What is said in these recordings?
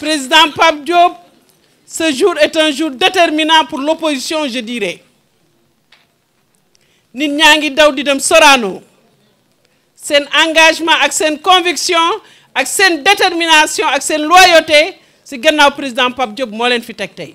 Président Pape Diop, ce jour est un jour déterminant pour l'opposition, je dirais. Nous ñaa sorano. daw di engagement ak conviction ak détermination ak sen loyauté ci gannaaw président Pape Diop en fait fi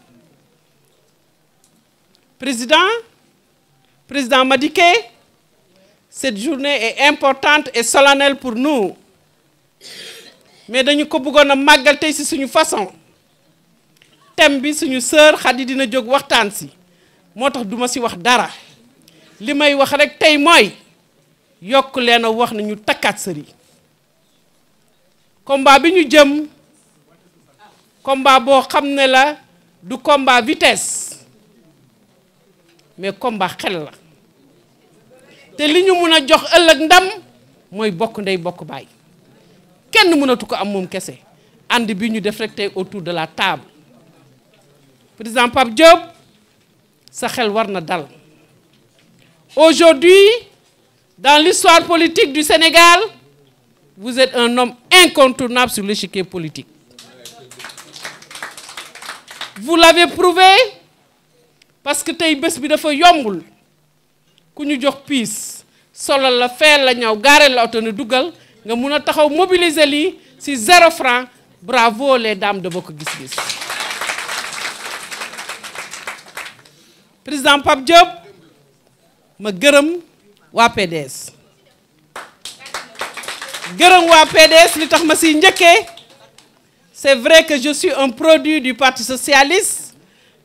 Président, Président Madiké, cette journée est importante et solennelle pour nous. mais dañu ko bëggoon a màggal tey suñu façon thème bi suñu sœur Khady dina jóg waxtaan si moo tax duma si wax dara li wax rek tey mooy yokk leen wax na ñu takkaat combat bi ñu jëm combat bo xamné la du combat vitesse mais combat xel la té liñu mëna jox c'est ndam moy bokk ndey bokk bay kenn ko am kessé nous bi autour de la table président Pap Diop sa xel dal aujourd'hui dans l'histoire politique du Sénégal vous êtes un homme incontournable sur l'échiquier politique vous l'avez prouvé parce que tey bés bi dafa yombul ku ñu jox piis solal la feel la ñaw gaareel la auto ne dugal nga mun a taxaw mobiliser lii si zéro franc bravo les dames de Bokk Gis Gis président pap Diop ma gërëm waa PDS gërëm waa PDS li tax ma siy njëkkee c'est vrai que je suis un produit du parti socialiste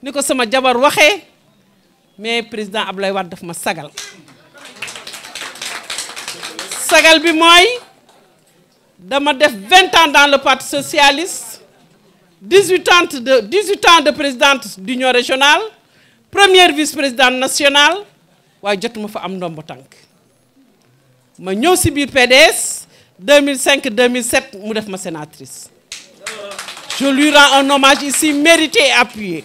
ni ko sama jabar waxee mais président Ablaye Wade daf ma sagal sagal bi moy dama def 20 ans dans le parti socialiste 18 ans de 18 ans de présidente d'union régionale première vice-présidente nationale et jotuma fa am ndombo tank ma ñëw ci bir PDS 2005 2007 mu def ma sénatrice je lui rends un hommage ici mérité et appuyé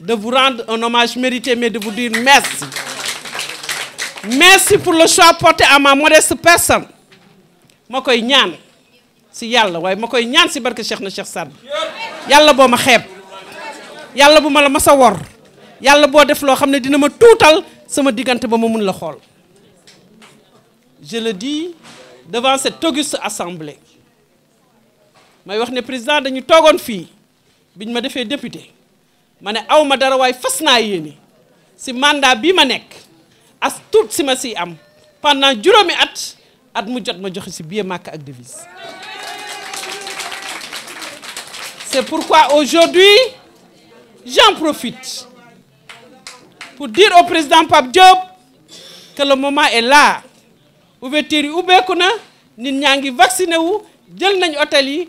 de vous rendre un hommage mérité, mais de vous dire merci. Merci pour le choix porté à ma modeste personne. Je suis Nyan. Si Yalla, ouais, makoy ñaan Nyan si barke Cheikh na Cheikh Sad. Yalla bo ma xeb. Yalla bu ma la massa wor. Yalla bo def lo xamne dina ma toutal sama digante ba ma mën la xol. Je le dis devant cette auguste assemblée. May wax né président dañu togon fi biñ ma défé député ma awma aw ma dara waaye fas naa si mandat bi ma nek as tout si ma si am pendant juróomi at at mu jot ma joxe si billet Makka ak devise c'est pourquoi aujourd'hui j'en profite pour dire au président Pape Diop que le moment est là ouverture yi ubbeeku na nit ñangi ngi vacciné wu jël nañ hôtel yi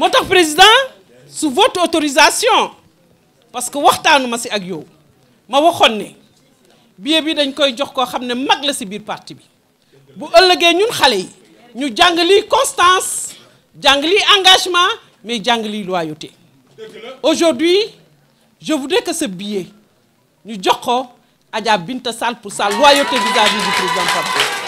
Monsieur le président sous votre autorisation parce que waxtaanu ma si ak yow ma waxoon ne billet bi dañ koy jox koo xam ne mag la si biir parti bi bu nous, ñun xale yi ñu jàng constance jàng engagement mais jàng loyauté aujourd'hui je voudrais que ce billet ñu jox ko Adja Binta Sal pour sa loyauté vis-à-vis du président